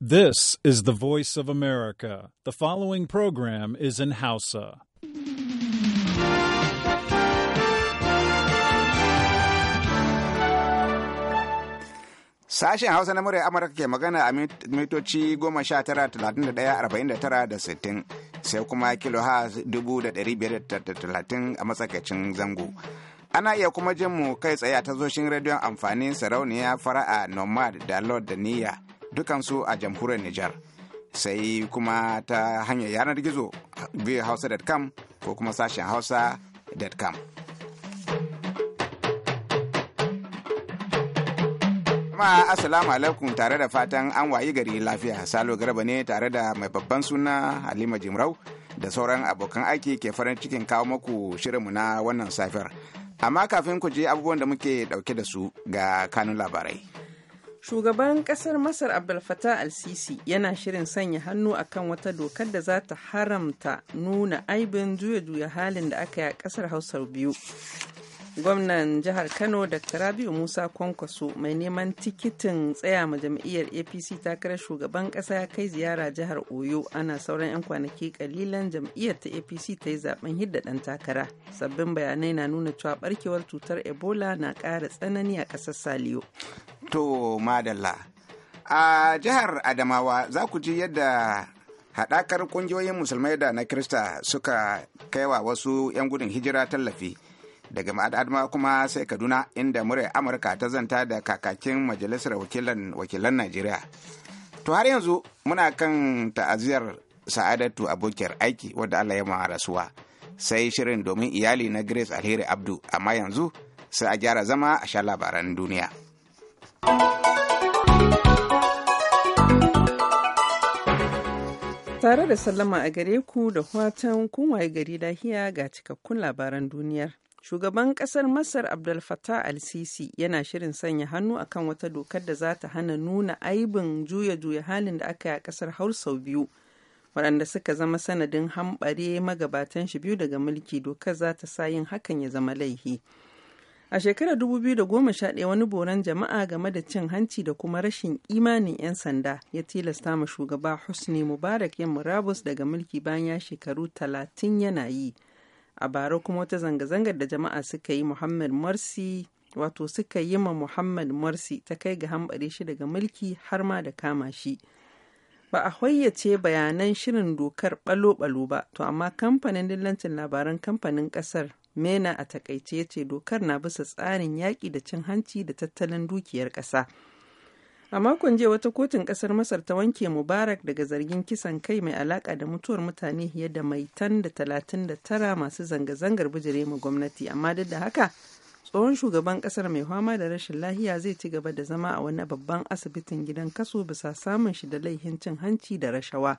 This is the voice of America. The following program is in Hausa. Sashen Hausa na murya Amurka ke magana a mitoci goma sha tara talatin da ɗaya arba'in da tara da sittin sai kuma kilo ha dubu da dari biyar da talatin a matsakaicin zango. ana iya kuma jin mu kai tsaye a tazoshin rediyon amfanin sarauniya fara'a nomad da lord da niyya dukansu a jamhuriyar Nijar. Sai kuma ta hanyar yanar gizo voahausa.com ko kuma sashen hausa.com. jama'a asalamu alaikum tare da fatan an wayi gari lafiya salo garba ne tare da mai babban suna halima jimrau da sauran abokan aiki ke farin cikin kawo maku shirinmu na wannan safiyar amma kafin ku je abubuwan da muke dauke da su ga kanun labarai Shugaban kasar Masar Abdel Fattah al-Sisi yana shirin sanya hannu akan wata dokar da za ta haramta nuna aibin juya juya halin da aka yi a kasar Hausar biyu. gwamnan jihar kano dr rabiu musa kwankwaso mai neman tikitin tsaya ma jam'iyyar apc takarar shugaban kasa ya kai ziyara jihar oyo ana sauran 'yan kwanaki kalilan jam'iyyar ta apc ta yi zaben hidda dan takara sabbin bayanai na nuna cewa barkewar cutar ebola na ƙara tsanani a ƙasar saliyo to madalla a jihar adamawa za ku ji yadda haɗakar ƙungiyoyin musulmai da na kirista suka kaiwa wasu 'yan gudun hijira tallafi daga adama kuma sai kaduna inda muryar amurka ta zanta da kakakin majalisar wakilan najeriya to har yanzu muna kan ta'aziyar sa'adatu abokiyar aiki wadda allah ya ma rasuwa sai shirin domin iyali na grace alheri abdu amma yanzu sai a gyara zama a sha labaran duniya tare da sallama a gare ku da watan kunwaye gari lahiya ga cikakkun labaran duniyar Shugaban ƙasar Masar Abdel Fattah al-Sisi yana shirin sanya hannu akan wata dokar da za ta hana nuna aibin juya-juya halin da aka yi a ƙasar har sau biyu. waɗanda suka zama sanadin hambare magabatan shi biyu daga mulki dokar za ta sa yin hakan ya zama laihi. A shekarar 2011 wani boran jama'a game da cin hanci da kuma rashin imanin 'yan sanda ya tilasta ma shugaba Husni Mubarak yin murabus daga mulki bayan ya shekaru 30 yana yi. a bara kuma wata zanga-zangar da jama'a suka yi muhammad morsi wato suka yi ma muhammad morsi ta kai ga hambare shi daga mulki har ma da kama shi ba a hoyyace bayanan shirin dokar balo-balo ba to amma kamfanin dillancin labaran kamfanin ƙasar, mena a takaice ya ce dokar na bisa tsarin yaƙi da cin hanci da tattalin dukiyar ƙasa. A makon jiya wata kotun kasar Masar ta wanke Mubarak daga zargin kisan kai mai alaka da mutuwar mutane fiye da maitan da talatin da tara masu zanga-zangar bijire mu gwamnati amma duk da haka tsohon shugaban kasar mai fama da rashin lahiya zai ci gaba da zama a wani babban asibitin gidan kaso bisa samun shi da laihin cin hanci da rashawa.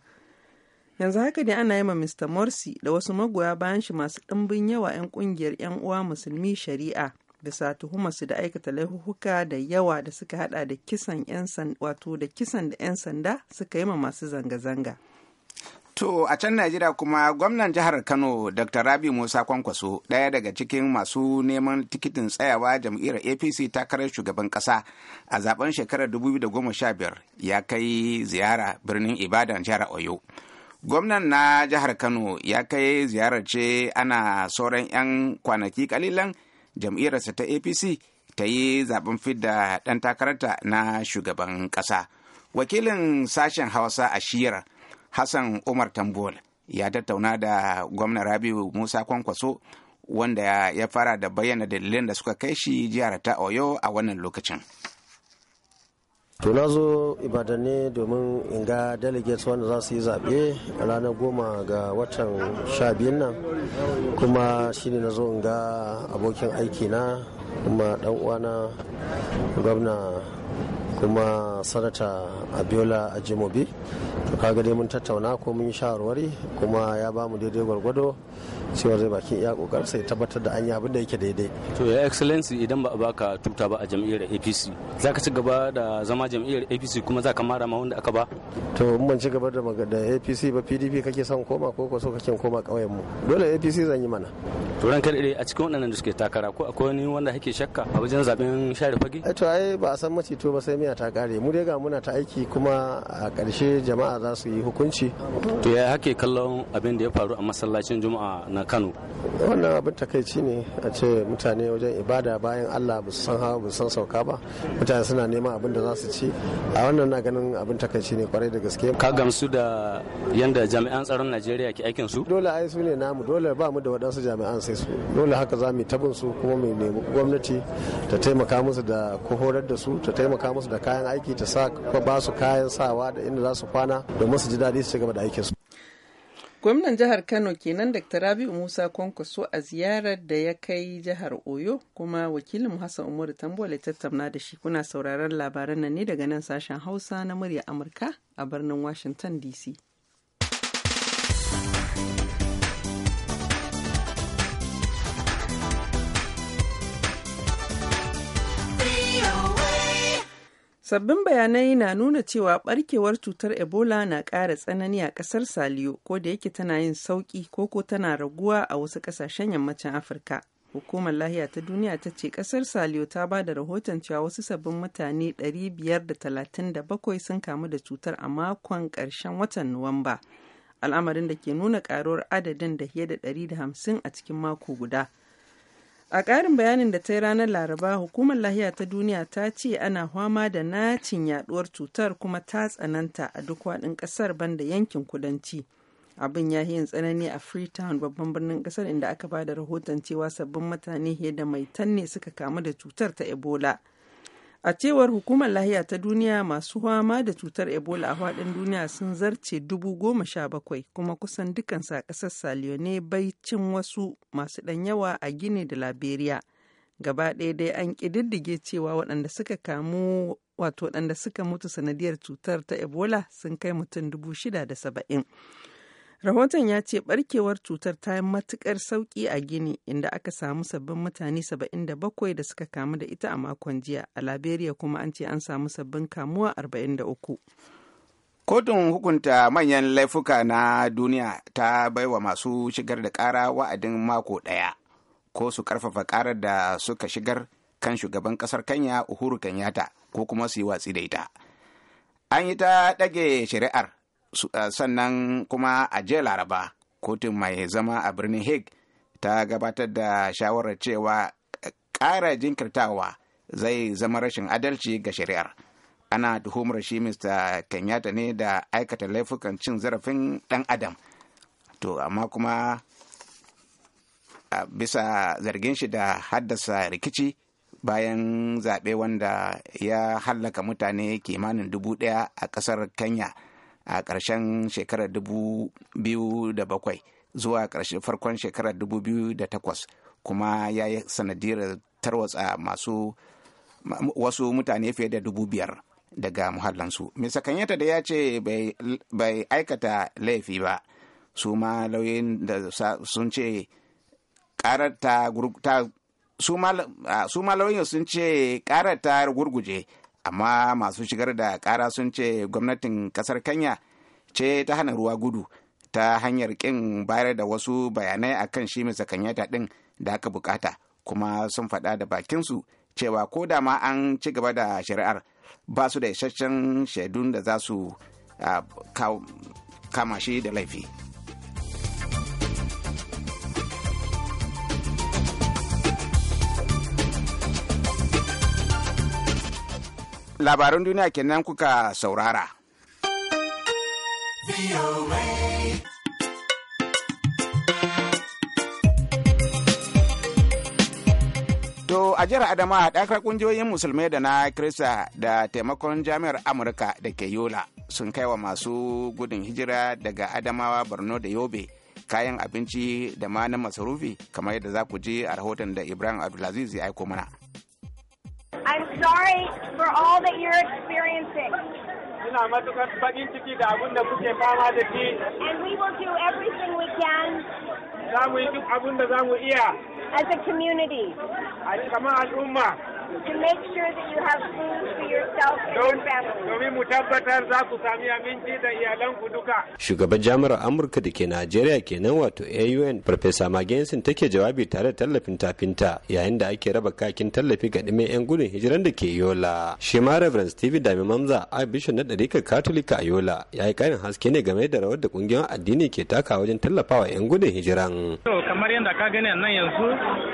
yanzu haka dai ana yi ma Mr. Morsi da wasu magoya bayan shi masu ɗimbin yawa 'yan ƙungiyar 'yan uwa musulmi shari'a bisa su da aikata laifuka da yawa da suka hada da kisan 'yan wato da kisan da 'yan sanda suka yi ma masu zanga-zanga. To a can Najeriya kuma gwamnan jihar Kano Dr. Rabi Musa Kwankwaso ɗaya daga cikin masu neman tikitin tsayawa jam'iyyar APC takarar shugaban ƙasa a zaben shekarar 2015 ya kai ziyara birnin Ibadan jihar Oyo. Gwamnan na jihar Kano ya kai ziyarar ce ana sauran 'yan kwanaki kalilan jam'iyyarsa ta apc ta yi zaben fidda ɗan takararta na shugaban ƙasa wakilin sashen hausa a shiyar hassan umar tambol ya tattauna da gwamna rabiu musa kwankwaso wanda ya fara da bayyana dalilan da suka kai shi jihar ta oyo a wannan lokacin To na zo Ibadan ne domin in ga delegates wanda za su yi zaɓe ranar goma ga watan sha biyun nan kuma shine na zo in ga abokin aiki na kuma ɗan uwana gwamna kuma sanata abiola ajimobi to kaga dai mun tattauna ko mun yi shawarwari kuma ya ba mu daidai gwargwado cewa zai bakin iya kokar sai tabbatar da an yi abin da yake daidai to ya excellency idan ba a baka tuta ba a jam'iyyar apc za ka ci gaba da zama jam'iyyar apc kuma za ka mara ma wanda aka ba to mun ban ci gaba da magana apc ba pdp kake son koma ko ko so kake koma kauyen mu dole apc zan yi mana to ran kai a cikin wannan da suke takara ko akwai wani wanda kake shakka a wajen zaben share fage eh to ai ba a san macito ba sai me duniya ta kare mu dai ga muna ta aiki kuma a ƙarshe jama'a za su yi hukunci to ya hake kallon abin da ya faru a masallacin juma'a na kano wannan abin takaici ne a ce mutane wajen ibada bayan allah ba su san hawa ba su san sauka ba mutane suna neman abin da za su ci a wannan na ganin abin takaici ne kwarai da gaske ka gamsu da yanda jami'an tsaron najeriya ke aikin su dole ai su ne namu dole ba mu da waɗansu jami'an sai su dole haka za mu tabin su kuma mu nemi gwamnati ta taimaka musu da horar da su ta taimaka musu da da kayan aiki ta sa ba su kayan sawa da inda za su kwana domin su ji daɗi su gaba da su Gwamnan jihar Kano kenan Dr. Rabi'u Musa Kwankwaso a ziyarar da ya kai jihar Oyo kuma wakilin Hassan Umaru Tambola tattauna da shi kuna sauraron labaran nan ne daga nan sashen Hausa na murya Amurka a birnin Washington DC. Sabbin bayanai na nuna cewa barkewar cutar Ebola na ƙara tsanani a ƙasar Saliyo, ko da yake tana yin sauki ko ko tana raguwa a wasu ƙasashen yammacin Afirka. Hukumar lahiya ta duniya ta ce ƙasar Saliyo ta ba da rahoton cewa wasu sabbin mutane 537 sun kamu da cutar a makon ƙarshen watan Nuwamba. Al'amarin da ke nuna ƙaruwar adadin da fiye da 150 a cikin mako guda. a ƙarin bayanin da ta yi ranar laraba hukumar lahiya ta duniya ta ce ana hwama da nacin yaduwar cutar kuma ta tsananta a duk waɗin ƙasar banda yankin kudanci abin ya yin tsanani a freetown babban birnin ƙasar inda aka ba da rahoton cewa sabbin mutane fiye da mai tanne suka kamu da cutar ta ebola A cewar hukumar lahiya ta duniya masu fama da cutar Ebola a faɗin duniya sun zarce dubu goma sha bakwai kuma kusan dukkan sa ƙasar Saliyo ne cin wasu masu ɗan yawa a Gini da Liberia. Gaba ɗaya dai an ƙididdige cewa waɗanda suka kamu wato waɗanda suka mutu sanadiyar cutar ta Ebola sun kai mutum dubu shida da saba'in. Rahoton ya ce barkewar cutar ta yi matukar sauki a Gini inda aka samu sabbin mutane 77 da suka kamu da ita a makon jiya. A Liberia kuma an ce an samu sabbin kamuwa 43. Kotun hukunta manyan laifuka na duniya ta baiwa masu shigar da kara wa'adin mako ɗaya ko su karfafa karar da suka shigar kan shugaban kasar kanya Uhuru Kenyatta ko kuma su yi watsi da ita. An yi ta ɗage shari'ar Eh, sannan kuma a jiya laraba kotun mai zama a birnin hague ta gabatar da shawarar cewa eh, ƙara jinkirtawa zai zama rashin adalci ga shari'ar ana tuhumar shi mr kenyatta ne da aikata laifukan cin zarafin ɗan adam to amma kuma bisa zargin shi da haddasa rikici bayan zaɓe wanda ya hallaka mutane kimanin dubu ɗaya a ƙasar kenya a ƙarshen shekarar 2007 zuwa farkon shekarar 2008 kuma ya yi sanadiyar tarwatsa masu wasu mutane fiye da dubu biyar daga muhallansu. misa Kanyata da ya ce bai aikata laifi ba, su ma lauyin da sun ce ƙarar ta su ma lauyin sun ce ƙarar ta gurguje amma masu shigar da kara sun ce gwamnatin kasar kenya ce ta hana ruwa gudu ta hanyar kin bayar da wasu bayanai akan shi misa kanyata din da aka bukata kuma sun faɗa da bakinsu cewa ko da ma an ci gaba da shari'ar ba su da isasshen shaidun da za su ah, kama shi da laifi. labaran duniya kenan kuka saurara. To a jihar Adama haɗakar ƙungiyoyin musulmai da na Kirista da taimakon jami'ar Amurka da ke Yola sun kai wa masu gudun hijira daga Adamawa Borno da Yobe kayan abinci da ma na masarufi kamar yadda za ku ji a rahoton da Ibrahim Abdulaziz ya aiko mana. I'm sorry for all that you're experiencing. And we will do everything we can. As a community. to make sure that you have food for yourself and your family. Domin mu tabbatar za ku sami aminci da iyalanku duka. Shugaban jami'ar Amurka da ke Najeriya kenan wato AUN Farfesa Magensin take jawabi tare da tallafin tafinta yayin da ake raba kakin tallafi ga ɗimin 'yan gudun hijiran da ke Yola. Shi ma Reverend Steve Dami Mamza a na ɗarikar Katolika a Yola ya yi ƙarin haske ne game da rawar da ƙungiyar addini ke taka wajen tallafawa 'yan gudun hijiran. kamar yadda ka gani nan yanzu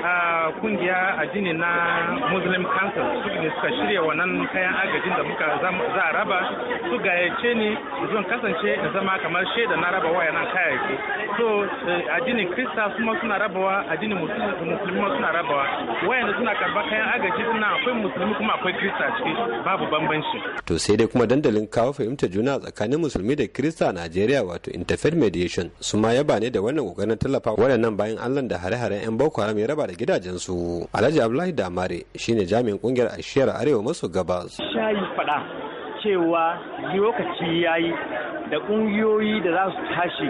a kungiya addini na Muslim council su ne suka shirya wannan kayan agajin da muka za a raba su gayyace ni zan kasance da zama kamar shaida na raba wayannan kayayyaki so eh, addinin krista kuma suna rabawa addinin musulmi kuma suna rabawa wayanda suna karba kayan agaji suna akwai musulmi kuma akwai krista ciki babu bambanci to sai dai kuma dandalin kawo fahimtar juna tsakanin musulmi da krista a najeriya wato interfaith mediation su ma yaba ne da wannan kokarin tallafa waɗannan bayan allah da hare-haren yan boko haram ya raba da su alhaji abdullahi damare shine jami'in kungiyar ashiyar arewa maso gabas shayi faɗa cewa lokaci ya yi da ƙungiyoyi da za su tashi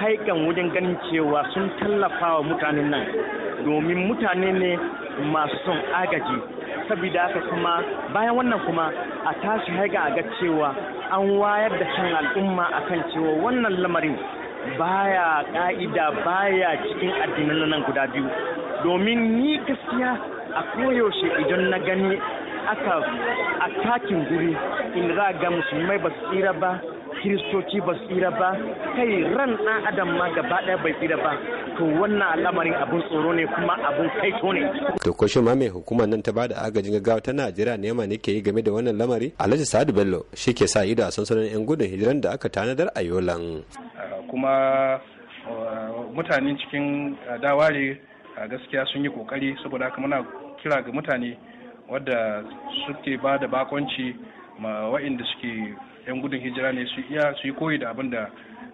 haikan wajen ganin cewa sun tallafa wa mutanen nan domin mutane ne masu son agaji saboda haka kuma bayan wannan kuma a tashi haika a ga cewa an wayar da kan al'umma a kan cewa wannan lamarin baya ka'ida baya cikin addinan nan guda biyu domin ni gaskiya a koyaushe idan na gani aka takin guri in za ga musulmai ba su tsira ba kiristoci ba su tsira ba kai ran ɗan adam ma gaba daya bai tsira ba to wannan al'amarin abun tsoro ne kuma abun kaito ne to ko ma mai hukumar nan ta bada agajin gaggawa ta Najeriya ne ma nake yi game da wannan lamari Alhaji Sa'adu Bello shi ke sa ido a sansanin yan gudun hijiran da aka tanadar a Yolan kuma uh, mutanen cikin uh, dawari, uh, gaskiya sun yi kokari saboda haka muna kira ga mutane wadda suke ba da bakonci ma wa'inda suke 'yan gudun hijira ne su iya su yi koyi da abin da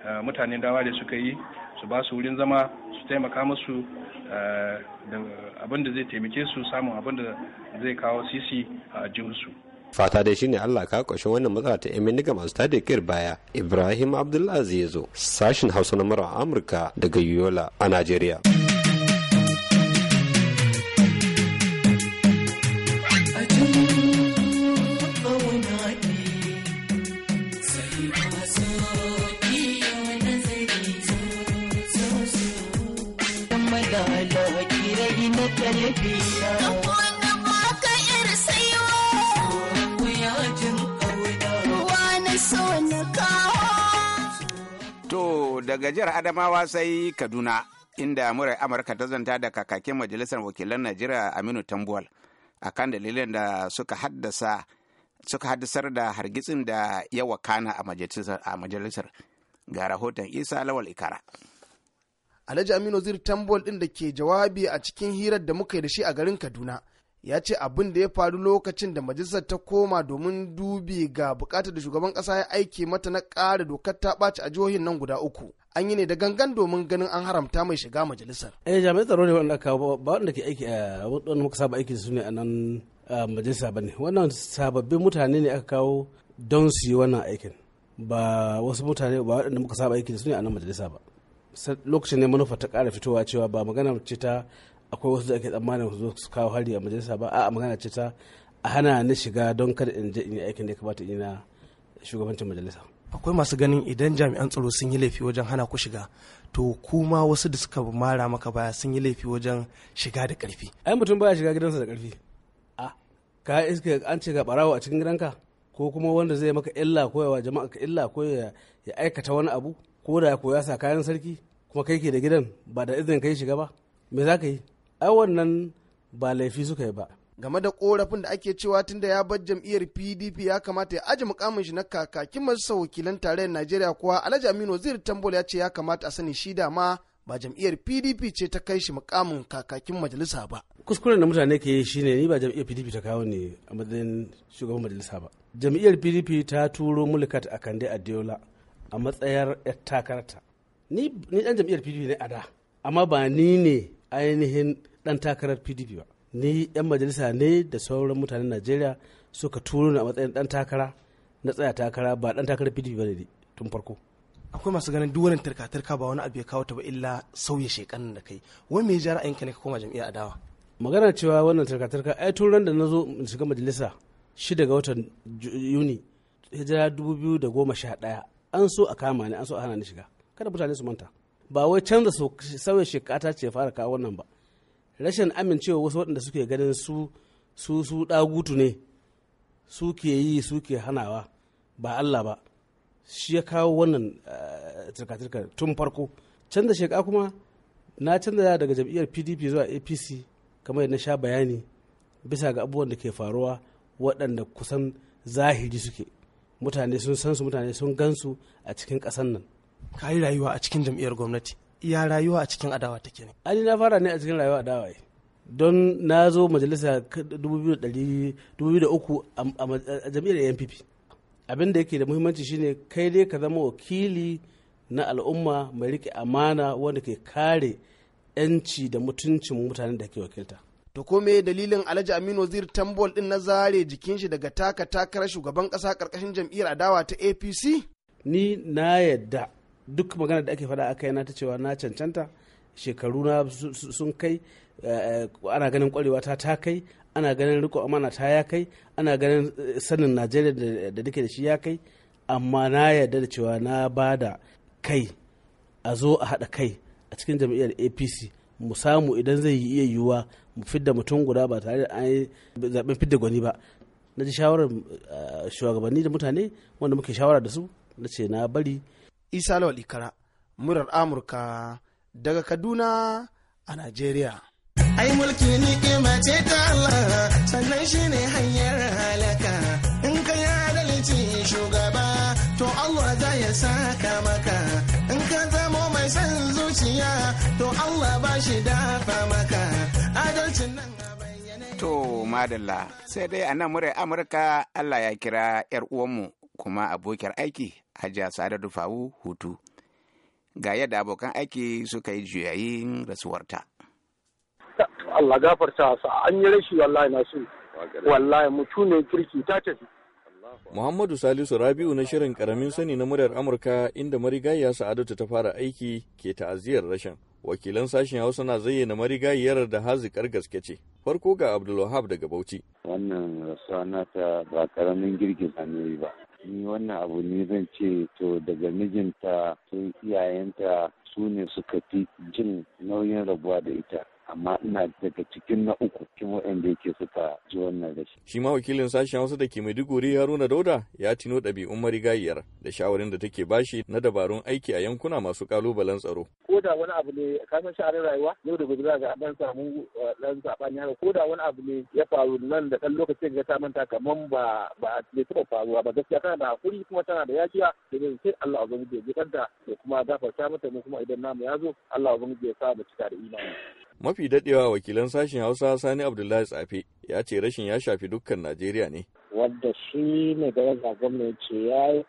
eh, mutanen dawa da suka yi su ba su wurin zama su taimaka musu eh, da abin da zai taimake su samun abin da zai kawo sisi a jinsu fata dai shine Allah ka kwashe wannan matsala ta yan ga masu tada kir baya Ibrahim Abdulaziz sashin Hausa na Amurka daga Yola a nigeria. To daga jihar Adamawa sai Kaduna inda murar Amurka ta zanta da kakakin majalisar wakilan Najeriya Aminu Tambuwal akan dalilan da suka haddasa haddasar da hargitsin da ya wakana a majalisar ga rahoton Isa Lawal Ikara. Alhaji Aminu Zir Tambol ɗin da ke jawabi a cikin hirar da muka yi da shi a garin Kaduna ya ce abin da ya faru lokacin da majalisar ta koma domin dubi ga bukatar da shugaban ƙasa ya aike mata na ƙara dokar ta ɓaci a jihohin nan guda uku an yi ne da gangan domin ganin an haramta mai shiga majalisar. Eh jami'an tsaro ne wanda ka ba wanda ke aiki a wanda muka saba aiki su ne a nan majalisa ba ne wannan sababbin mutane ne aka kawo don su yi wannan aikin ba wasu mutane ba waɗanda muka saba aiki su ne a nan majalisa ba. lokacin ne manufa ta ƙara fitowa cewa ba magana ce ta akwai wasu da ake tsammanin su su kawo hari a majalisa ba a'a magana ce ta a hana ni shiga don kada in je in yi aikin da ya kamata ina na shugabancin majalisa akwai masu ganin idan jami'an tsaro sun yi laifi wajen hana ku shiga to kuma wasu da suka mara maka baya sun yi laifi wajen shiga da karfi ai mutum baya shiga gidansa da karfi a ka iska an ce ga barawo a cikin gidanka ko kuma wanda zai maka illa ko jama'a ka illa ko ya aikata wani abu ko da ko ya sa kayan sarki kuma kai ke da gidan ba da izinin kai shiga ba me za ka yi ai wannan ba laifi suka yi ba game da korafin da ake cewa tun da ya bar jam'iyyar pdp ya kamata ya aji mukamin shi na kakakin masu wakilan tarayyar najeriya kuwa alhaji aminu waziri tambol ya ce ya kamata a sani shi da ma ba jam'iyyar pdp ce ta kai shi mukamin kakakin majalisa ba kuskuren da mutane ke yi shine ni ba jam'iyyar pdp ta kawo ne a matsayin shugaban majalisa ba jam'iyyar pdp ta turo mulkat a kande adeola a matsayar 'yar takarta ni dan jam'iyyar pdp ne a da amma ba ni ne ainihin dan takarar pdp ba ni yan majalisa ne da sauran mutanen najeriya suka turo ni a matsayin dan takara na tsaya takara ba dan takarar pdp ba ne tun farko akwai masu ganin duk wani tarka ba wani abu ya kawo ta ba illa sauya shekarun da kai wai me ya ra'ayinka ne ka koma jam'iyyar adawa magana cewa wannan tarka ai turan ran da na zo shiga majalisa shida ga watan yuni hijira dubu biyu da goma sha ɗaya an so a kama ni an so a hana ni shiga kada mutane su manta ba wai canza su sauya shekata ce fara kawo wannan ba rashin amincewa wasu waɗanda suke ganin su su su dagutu ne su ke yi su ke hanawa ba Allah ba shi ya kawo wannan eh, turka tun farko canza shekara kuma na canza daga jam'iyyar pdp zuwa apc kamar yadda na sha bayani bisa ga abubuwan da ke faruwa waɗanda kusan zahiri suke mutane sun san su mutane sun gan su a cikin ƙasar nan ka yi rayuwa a cikin jam'iyyar gwamnati ya rayuwa a cikin adawa take ne ani na fara ne a cikin rayuwa adawa don na zo majalisa 2003 a jam'iyyar npp abin da yake da muhimmanci shine kai dai ka zama wakili na al'umma mai rike amana wanda ke kare 'yanci da mutuncin mutanen da ke wakilta to ko me dalilin alhaji aminu wazir tambol din na zare jikin shi daga taka takarar shugaban kasa karkashin jam'iyyar adawa ta apc ni na yadda duk magana da ake faɗa aka yana ta cewa na cancanta shekaru na sun kai eh, ana ganin kwarewa ta ta kai ana ganin riko amana ta ya kai ana ganin eh, sanin najeriya da duke da shi ya kai amma na yadda da cewa na ba da kai a zo a haɗa kai a cikin jam'iyyar apc mu samu idan zai yi iya yiwuwa Mu fidda mutum guda ba tare da an yi zaben fidda gwani ba na ji shawarar shugabanni da mutane wanda muke shawara da su na ce na bari isa lawal ikara murar amurka daga kaduna a najeriya ai mulki ni kima ce ta allah sannan shi ne hanyar halaka in ka yi adalci shugaba to allah za ya saka maka in ka zamo mai son zuciya to allah ba shi dafa maka To madalla sai dai a nan murai Amurka Allah ya kira 'yar uwanmu kuma abokiyar aiki Hajiya Sada Dufawu hutu. Ga yadda abokan aiki suka yi juyayin rasuwarta. Allah gafarta sa an yi rashi wallahi su wallahi mutu ne kirki ta tafi. Muhammadu Salisu Rabiu na shirin karamin sani na muryar Amurka inda marigayya Sa'adatu ta fara aiki ke ta'aziyar rashin. wakilan sashen hausa na zayyana marigayiyar da hazikar gaske ce farko ga abdulwahab daga bauchi wannan rasuwa nata ba karamin girgiza ne ba ni wannan abu ne zan ce to daga mijinta sun iyayenta su ne suka fi jin nauyin rabuwa da ita amma ina daga cikin na uku cikin waɗanda yake suka ji wannan rashi. Shi ma wakilin sashen Hausa da ke Maiduguri Haruna Dauda ya tino ɗabi'un marigayiyar da shawarin da take bashi na dabarun aiki a yankuna masu kalubalen tsaro. Ko da wani abu ne ka san shi rayuwa yau da gobe za ga ɗan samu eh, ɗan saɓani haka ko da wani abu ne ya faru nan da ɗan lokacin ya ta manta kaman ba ba ne taɓa faruwa ba gaskiya tana da hakuri kuma tana da yakiya da sai Allah ubangiji ya ji kanta da kuma gafarta mata mu kuma idan namu ya zo Allah ubangiji ya sa mu cika da imani. Mafi dadewa wakilan sashen Hausa Sani Abdullahi Tsafe ya ce rashin ya shafi dukkan Najeriya ne. Wadda shi ne daraja gwamna ce ya yi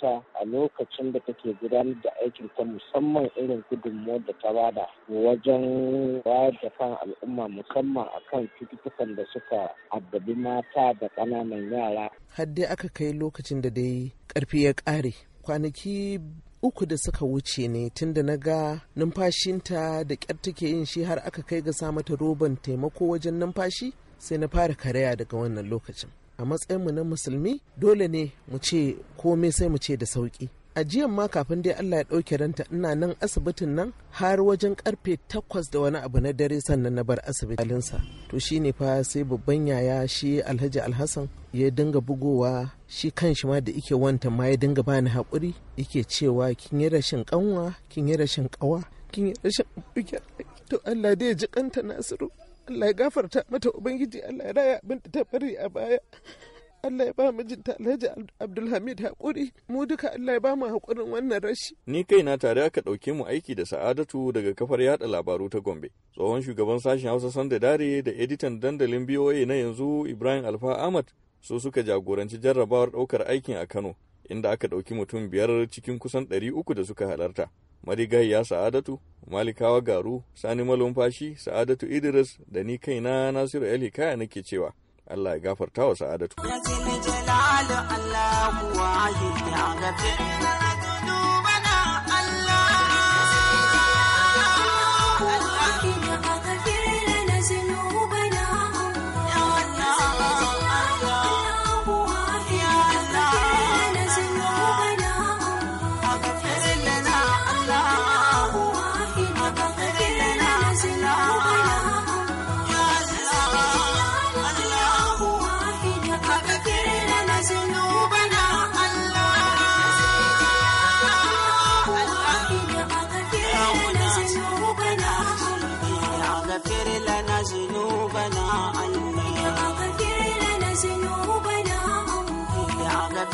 ta a lokacin da take gudanar da aikin ta musamman irin gudunmuwar da ta bada wajen bayar da kan al'umma musamman akan cututtukan da suka addabi mata da ƙananan yara. Har dai aka kai lokacin da dai ƙarfi ya ƙare. Kwanaki uku da suka wuce ne tun da na ga numfashinta da ƙyar take yin shi har aka kai ga sa mata roban taimako wajen numfashi sai na fara karaya daga wannan lokacin a matsayinmu na musulmi dole ne mu ce komai sai mu ce da sauƙi a jiyan ma kafin dai Allah ya ɗauke ranta ina nan asibitin nan har wajen karfe takwas da wani abu na dare sannan na bar sa to shine fa sai babban yaya shi Alhaji Alhassan ya dinga bugowa shi kan shi ma da ike wanta ma ya dinga bani haƙuri yake cewa kin yi rashin kanwa kin yi rashin kawa kin yi rashin to Allah dai ya ji kanta Nasiru Allah ya gafarta mata ubangiji Allah ya raya abin ta bari a baya Allah ya ba mijinta Alhaji Abdulhamid haƙuri mu duka Allah ya ba mu haƙurin wannan rashi. Ni kaina tare aka ɗauke mu aiki da Sa'adatu daga kafar yada labaru ta Gombe. Tsohon shugaban sashen Hausa Sanda Dare da editan dandalin BOA na yanzu Ibrahim Alfa Ahmad su suka jagoranci jarrabawar ɗaukar aikin a Kano inda aka ɗauki mutum biyar cikin kusan ɗari da suka halarta. ya sa'adatu malikawa garu sani malumfashi sa'adatu idris da ni kaina nasiru el hikaya nake cewa Allah ya gafarta wa sa'adatu.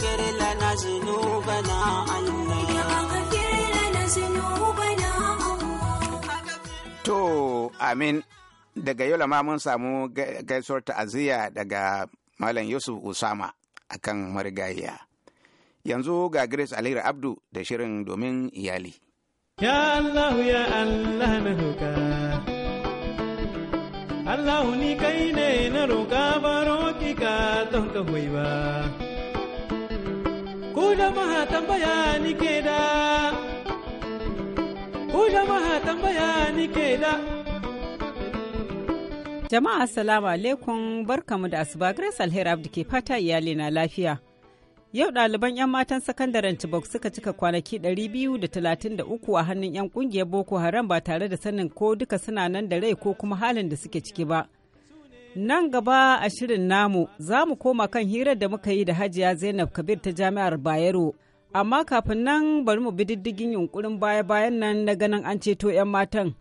فاغفر لنا ذنوبنا To, amin, daga yau ma mun samu gaisuwar ta'aziyya daga Malam Yusuf Usama akan marigayiya. Yanzu ga Grace alir Abdu da shirin domin iyali. Ya Allah, ya Allah na roƙa. Allah ni kai ne na roƙa baro ki ka don ka ba. ku jama'a ke da jama'a assalamu alaikum barkamu da asuba grace alheri abdi ke fata iyali na lafiya Yau ɗaliban 'yan matan sakandaren Chibok suka cika kwanaki 233 a hannun 'yan ƙungiyar Boko Haram ba tare da sanin ko duka suna nan da rai ko kuma halin da suke ciki ba. Nan gaba a shirin namu za mu koma kan hirar da muka yi da Hajiya Zainab Kabir ta Jami'ar Bayero. Amma kafin nan bari mu bi diddigin yunkurin baya-bayan nan na ganin an ceto 'yan matan.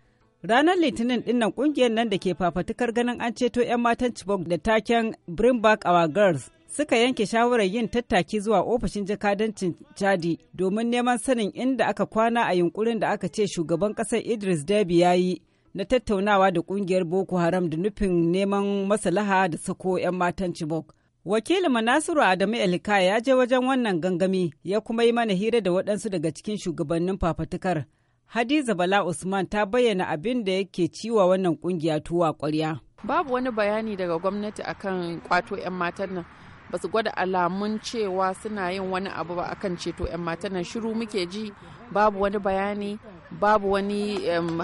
Ranar Litinin dinnan ƙungiyar nan da ke fafatukar ganin an ceto 'yan matan Chibok da taken Bring Back Our Girls suka yanke shawarar yin tattaki zuwa ofishin jakadancin Chadi domin neman sanin inda aka kwana a yunkurin da aka ce shugaban ƙasar Idris Deby ya yi na tattaunawa da kungiyar Boko Haram da nufin neman maslaha da sako 'yan matan Chibok. Wakilin manasiru Adamu Elika ya je wajen wannan gangami ya kuma yi mana hira da waɗansu daga cikin shugabannin fafatukar. Hadiza Bala Usman ta bayyana abin da yake ciwa wannan kungiya tuwa ƙwarya. Babu wani bayani daga gwamnati akan kwato 'yan matan nan. Ba su gwada alamun cewa suna yin wani abu ba akan ceto 'yan matan nan shiru muke ji babu wani bayani babu wani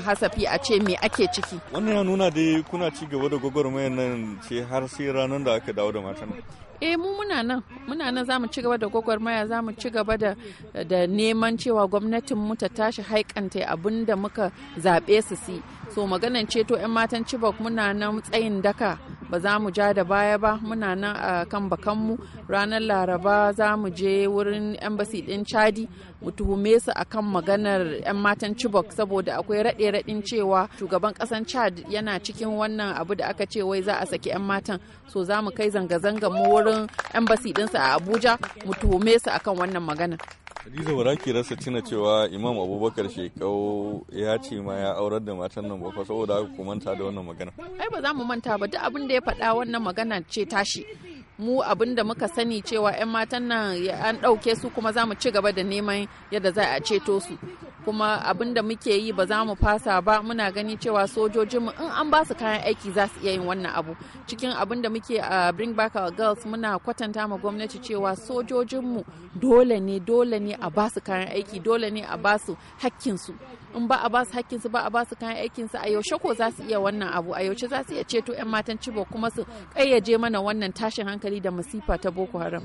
hasafi a ce me ake ciki wannan ya nuna da kuna ci gaba da gwagwarmayar nan ce har sai ranar da aka dawo da matan eh mu muna nan muna nan za mu ci gaba da gwagwarmaya za mu ci gaba da neman cewa gwamnatin mu ta tashi haikanta abin da muka zaɓe su si so maganan ceto 'yan matan chibok muna nan tsayin daka ba za mu ja da baya ba muna nan a kan bakanmu ranar laraba za mu je wurin embassy din chadi mu tuhume su akan maganar 'yan matan chibok saboda akwai raɗe raɗin cewa shugaban kasan chad yana cikin wannan abu da aka ce wai za a saki 'yan matan so za mu kai zanga-zanga mu wurin embassy ɗinsu a abuja mu tuhume su akan wannan magana Hadiza ba ki rasa tuna cewa Imam Abubakar Shekau ya ce ma ya aurar da matan nan ba saboda haka ku manta da wannan magana. Ai ba za mu manta ba duk abin da ya faɗa wannan magana ce tashi. mu abin da muka sani cewa 'yan matan nan an ɗauke su kuma za mu ci gaba da neman yadda za a ceto su kuma abin da muke yi ba za mu fasa ba muna gani cewa sojojinmu in an ba su kayan aiki za su iya yin wannan abu cikin abin da muke a bring back our girls muna kwatanta ma gwamnati cewa sojojinmu dole ne dole ne a ba su kayan aiki dole ne a ba su su in ba a basu hakkin su ba a basu kayan aikin su a yaushe ko za su iya wannan abu a yaushe za su iya ceto yan matan cibo kuma su kayyaje mana wannan tashin hankali da masifa ta boko haram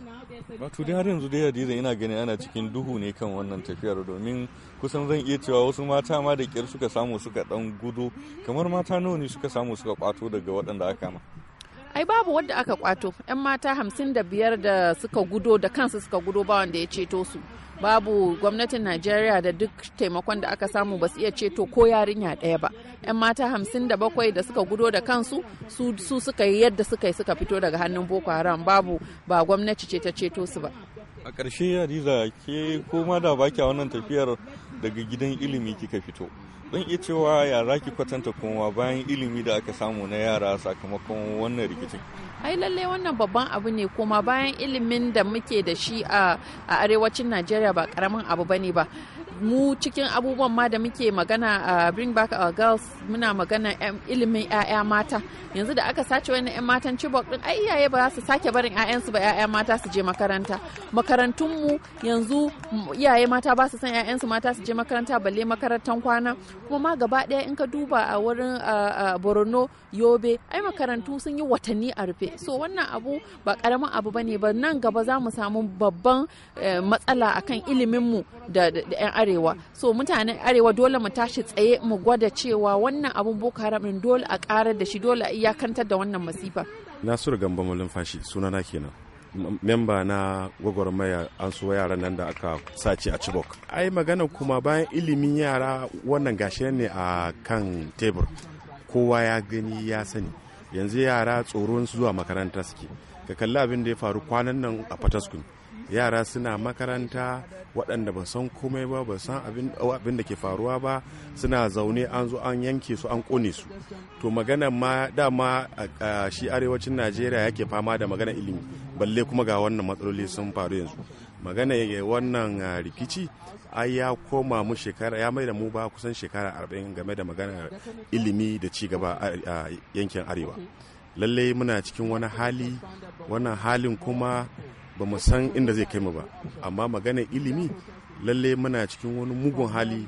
wato dai har yanzu dai hadiza ina ganin ana cikin duhu ne kan wannan tafiyar domin kusan zan iya cewa wasu mata ma da kyar suka samu suka dan gudu kamar mata nawa ne suka samu suka kwato daga waɗanda aka ma ai babu wadda aka kwato 'yan mata hamsin da biyar da suka gudo da kansu suka gudo ba wanda ya ceto su babu gwamnatin najeriya da duk taimakon da aka samu ba su iya ceto ko yarinya ɗaya ba yan mata hamsin da bakwai da suka gudo da kansu su, suka yi yadda suka yi suka fito daga hannun boko haram babu ba gwamnati ce ta ceto su ba a ƙarshe hadiza ke koma da baki a wannan tafiyar daga gidan ilimi kika fito don iya cewa yara ki kwatanta koma bayan ilimi da aka samu na yara sakamakon wannan rikicin ai lallai wannan babban abu ne kuma bayan ilimin da muke da shi a arewacin najeriya ba karamin abu bane ba mu cikin abubuwan ma da muke magana a uh, bring back our girls muna magana ilimin 'ya'ya mata yanzu da aka sace wani 'yan matan chibok din ai iyaye ba za su sake barin 'ya'yansu ba 'ya'ya mata su je makaranta mu yanzu mm, iyaye mata ba su san 'ya'yansu mata su je makaranta balle makarantan kwana kuma ma gaba ɗaya in ka duba a wurin uh, uh, borno yobe ai makarantu sun yi watanni a rufe so wannan abu ba karamin abu bane ba nan gaba za mu samu babban eh, matsala akan iliminmu da 'yan arewa arewa so mutanen arewa dole mu tashi tsaye mu gwada cewa wannan abun boko haram din dole a karar da shi dole a iyakantar da wannan masifa nasiru gamba suna sunana kenan memba na gwagwarmaya an so yaran nan da aka sace a chibok ai magana kuma bayan ilimin yara wannan gashi ne a kan tebur kowa ya gani ya sani yanzu yara tsoron zuwa makaranta suke ka kalli abin da ya faru kwanan nan a fataskun yara suna makaranta waɗanda ba san komai ba ba san abin da ke faruwa ba suna zaune an zo an yanke su an ƙone su to magana ma dama a shi arewacin najeriya yake fama da magana ilimi balle kuma ga wannan matsaloli sun faru yanzu magana ya eh, wannan ah, rikici ai ya koma mu shekara ya mai da mu ba kusan shekara arba'in game da magana ilimi da ci gaba a yankin arewa lallai muna cikin wani hali wannan halin kuma ba mu san inda zai kai mu ba amma magana ilimi lalle muna cikin wani mugun hali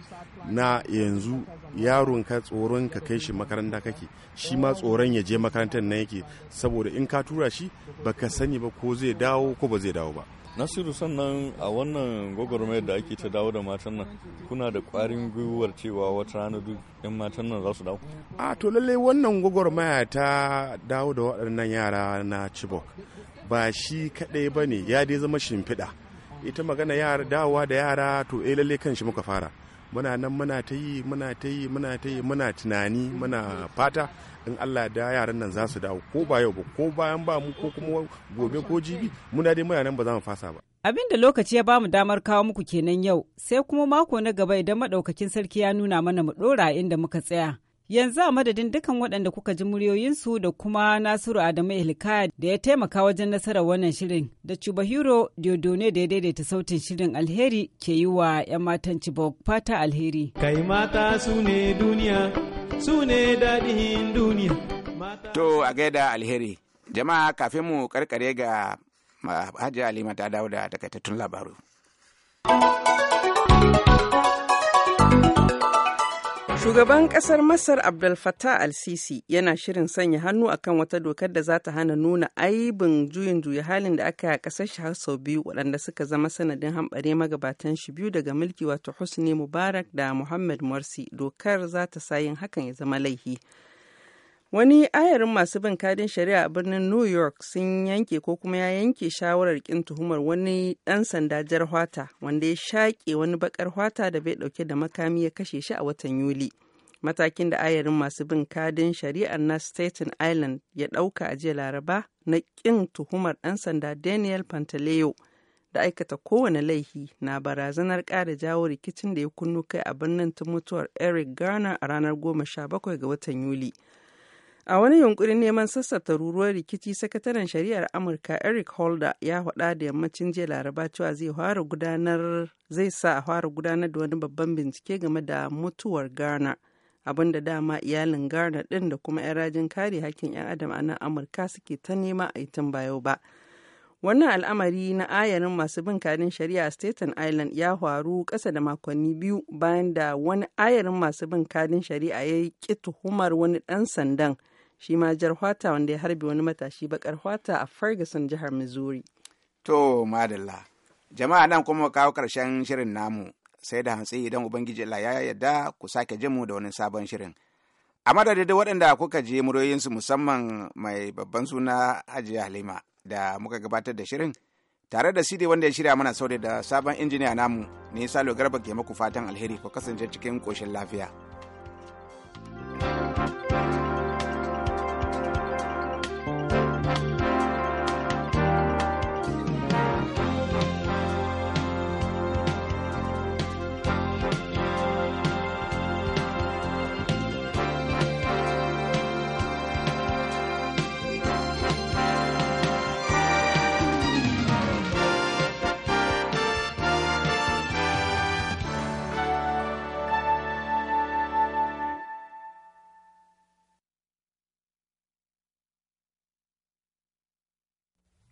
na yanzu yaron ka tsoron ka kai shi makaranta kake shi ma tsoron ya je makarantar na yake saboda in ka tura shi baka sani ba ko zai dawo ko ba zai dawo ba nasiru sannan a wannan gwagwarmayar da ake ta dawo da matan nan kuna da kwarin gwiwar cewa wata rana duk yan matan nan za su dawo a to lallai wannan gwagwarmaya ta dawo da waɗannan yara na chibok ba shi kaɗai ba ne ya dai zama shimfiɗa ita magana ya dawowa da yara to eh lalle kan shi muka fara muna nan muna ta yi muna ta yi muna ta yi muna tunani muna fata in Allah da yaran nan za su dawo ko ba yau ba ko bayan ba mu ko kuma gobe ko jibi muna dai muna nan ba za mu fasa ba Abin da lokaci ya ba mu damar kawo muku kenan yau, sai kuma mako na gaba idan maɗaukakin sarki ya nuna mana mu ɗora inda muka tsaya. Yanzu a madadin dukan waɗanda kuka ji muryoyinsu da kuma Nasiru Adamu Ilkaya da ya taimaka wajen nasarar wannan shirin da Cuba Hero Diodone da ya daidaita sautin shirin alheri ke yi wa 'yan matan Chibok fata alheri. Kai mata su ne duniya, su ne daɗin duniya. To a gaida alheri, jama'a kafin mu karkare ga Hajji Halima ta dawo da takaitattun labaru. Shugaban ƙasar Masar Abdel Fattah al-Sisi yana shirin sanya hannu akan wata dokar da za ta hana nuna aibin juyin juya halin da aka yi a ƙasar shi har sau biyu waɗanda suka zama sanadin hamɓare magabatan shi biyu daga mulki wato Husni Mubarak da Muhammad Morsi dokar za ta sa yin hakan ya zama laifi. Wani ayarin masu bin kadin shari'a a birnin New York sun yanke ko kuma ya yanke shawarar kin tuhumar wani ɗan sanda jar hwata wanda ya shaƙe wani bakar hwata da bai ɗauke da makami ya kashe shi a watan Yuli. Matakin da ayarin masu bin kadin shari'ar na Staten Island ya ɗauka a jiya Laraba na kin tuhumar ɗan sanda Daniel Pantaleo da aikata kowane laifi na barazanar ƙara jawo rikicin da ya kunnu kai a birnin ta mutuwar Eric Garner a ranar goma sha bakwai ga watan Yuli. A wani yunkurin neman sassata ruruwar rikici, sakataren shari'ar Amurka Eric Holder ya faɗa da yammacin jiya Laraba cewa zai fara gudanar zai sa a fara gudanar da wani babban bincike game da mutuwar Ghana. Abinda dama iyalin Ghana ɗin da kuma 'yan rajin kare hakkin 'yan adam a nan Amurka suke ta nema a yi bayo ba. Wannan al'amari na ayarin masu bin kadin shari'a a Staten Island ya faru ƙasa da makonni biyu bayan da wani ayarin masu bin kadin shari'a ya yi tuhumar wani ɗan sandan shi ma jar hwata wanda ya harbi wani matashi bakar hwata a Ferguson jihar Missouri. To madalla. Jama'a nan kuma kawo karshen shirin namu sai da hantsi idan Ubangiji Allah ya yarda ku sake jinmu da wani sabon shirin. A madadin waɗanda kuka je muryoyinsu musamman mai babban suna Hajiya Halima da muka gabatar da shirin tare da sidi wanda ya shirya mana saurin da sabon injiniya namu ne Salo Garba ke maku fatan alheri ku kasance cikin koshin lafiya. thank you